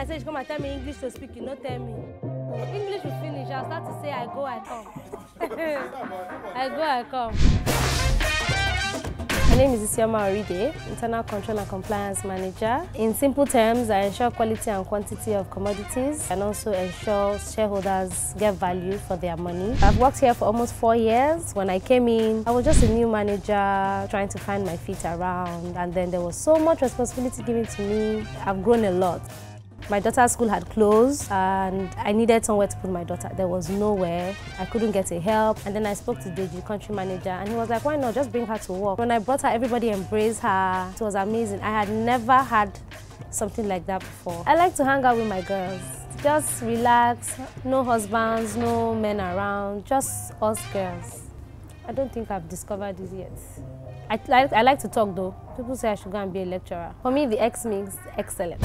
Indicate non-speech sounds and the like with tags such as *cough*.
I say she come and tell me English to speak, you no tell me. English will finish, I'll start to say I go, I come. *laughs* I go, I come. My name is Isioma Oride, Internal Control and Compliance Manager. In simple terms, I ensure quality and quantity of commodities and also ensure shareholders get value for their money. I've worked here for almost four years. When I came in, I was just a new manager trying to find my feet around and then there was so much responsibility given to me. I've grown a lot. My daughter's school had closed and I needed somewhere to put my daughter. There was nowhere. I couldn't get a help. And then I spoke to Deji, country manager, and he was like, why not just bring her to work? When I brought her, everybody embraced her. It was amazing. I had never had something like that before. I like to hang out with my girls. Just relax, no husbands, no men around, just us girls. I don't think I've discovered this yet. I, like, I like to talk though. People say I should go and be a lecturer. For me, the X means excellent.